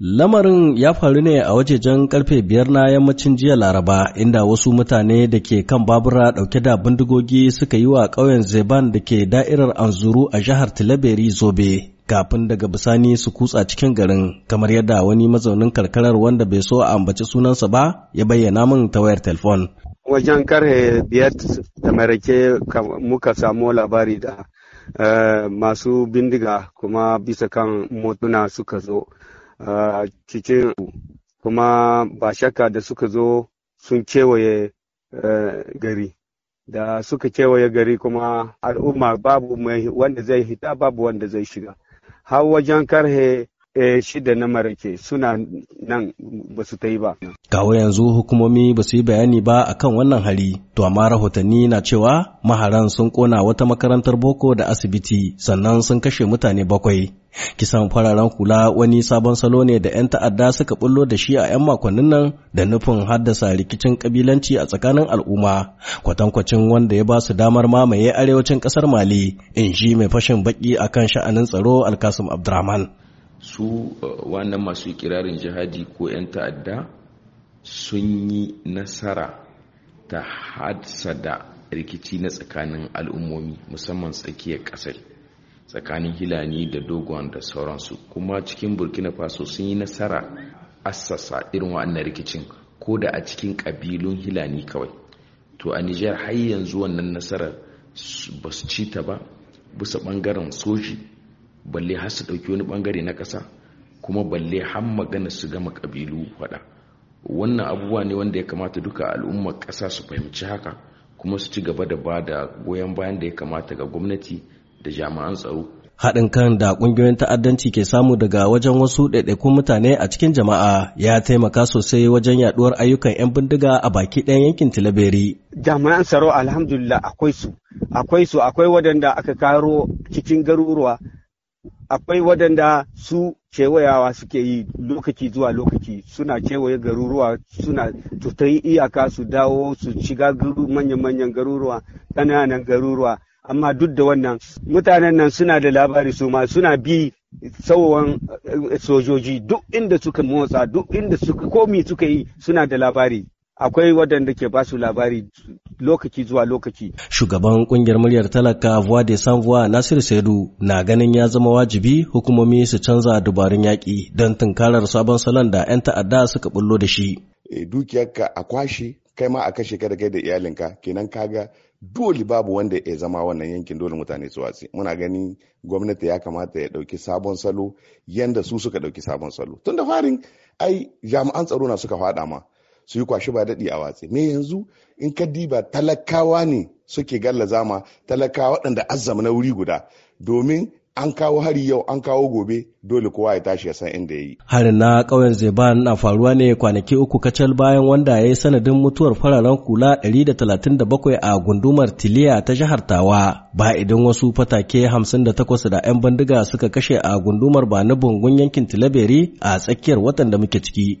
Lamarin ya faru ne a wajejen karfe biyar na yammacin jiya Laraba inda wasu mutane da ke kan babura dauke da bindigogi suka yi wa ƙauyen Zeban da ke da'irar Anzuru a jihar Tilaberi zobe kafin daga bisani su kutsa cikin garin kamar yadda wani mazaunin karkarar wanda bai so a ambaci sunansa ba ya bayyana min ta wayar telefon. Wajen karhe biyar da marake muka samu labari da eh, masu bindiga kuma bisa kan motuna suka zo. a cikin kuma ba shakka da suka zo sun kewaye eh, gari da suka kewaye gari kuma al'umma babu wanda zai hita babu wanda zai shiga har wajen karhe Eh, shida na marake suna nan ba su ta yi ba. Kawo yanzu hukumomi ba su yi bayani ba akan wannan hari, to amma rahotanni na cewa maharan sun kona wata makarantar boko da asibiti sannan sun kashe mutane bakwai. Kisan fararen kula wani sabon salo ne da 'yan ta'adda suka bullo da shi a 'yan makonnin nan da nufin haddasa rikicin kabilanci a tsakanin al'umma, kwatankwacin wanda ya ba su damar mamaye arewacin ƙasar Mali, in shi mai fashin baki akan sha'anin tsaro Alkasim Abdurrahman. su uh, wannan masu kirarin jihadi ko 'yan ta'adda sun yi nasara ta da rikici na tsakanin al'ummomi musamman tsakiyar ƙasar, tsakanin hilani da dogon da sauransu kuma cikin burkina faso sun yi nasara assasa irin wa'annan rikicin ko da a cikin ƙabilun hilani kawai to a nijar har yanzu wannan nasarar ba su ci ta ba bisa ɓangaren soji balle har su ɗauki wani ɓangare na ƙasa kuma balle har magana su gama ƙabilu faɗa wannan abubuwa ne wanda ya kamata duka al'ummar ƙasa su fahimci haka kuma su ci gaba da ba da goyon bayan da ya kamata ga gwamnati da jami'an tsaro haɗin kan da ƙungiyoyin ta'addanci ke samu daga wajen wasu ɗaiɗaikun mutane a cikin jama'a ya taimaka sosai wajen yaɗuwar ayyukan 'yan bindiga a baki ɗayan yankin tilaberi. jami'an tsaro alhamdulillah akwai su akwai su akwai waɗanda aka karo cikin garuruwa akwai waɗanda su kewayawa suke yi lokaci zuwa lokaci suna kewaye garuruwa suna tutar iyaka su dawo su shiga manyan-manyan garuruwa ƙananan garuruwa amma duk da wannan mutanen nan suna da labari su ma suna bi tsawon eh, sojoji duk inda suka motsa duk inda suka komi suka yi suna da labari akwai waɗanda ke ba su labari lokaci zuwa lokaci. Shugaban kungiyar muryar talaka Voix de San Voix Nasiru Saidu na ganin ya zama wajibi hukumomi su canza dubarun yaƙi don tunkarar sabon salon da 'yan ta'adda suka bullo da shi. Eh, dukiyarka a kwashe kai ma a kashe ka da kai da iyalinka kenan kaga dole babu wanda ya zama wannan yankin dole mutane su watsi muna gani gwamnati ya kamata ya dauki sabon salo yanda su suka dauki sabon salo tun da farin ai jami'an tsaro na suka fada ma su yi kwashi ba daɗi a watsi me yanzu in ka diba talakawa ne suke gallaza ma talakawa waɗanda azzama na wuri guda domin an kawo hari yau an kawo gobe dole kowa ya tashi ya san inda ya yi. Harin na ƙauyen Zeban na faruwa ne kwanaki uku kacal bayan wanda ya yi sanadin mutuwar fararen kula 137 a gundumar Tiliya ta jihar Tawa ba idan wasu fatake 58 da 'yan bandiga suka kashe a gundumar ba na Bungun yankin Tilaberi a tsakiyar watan da muke ciki.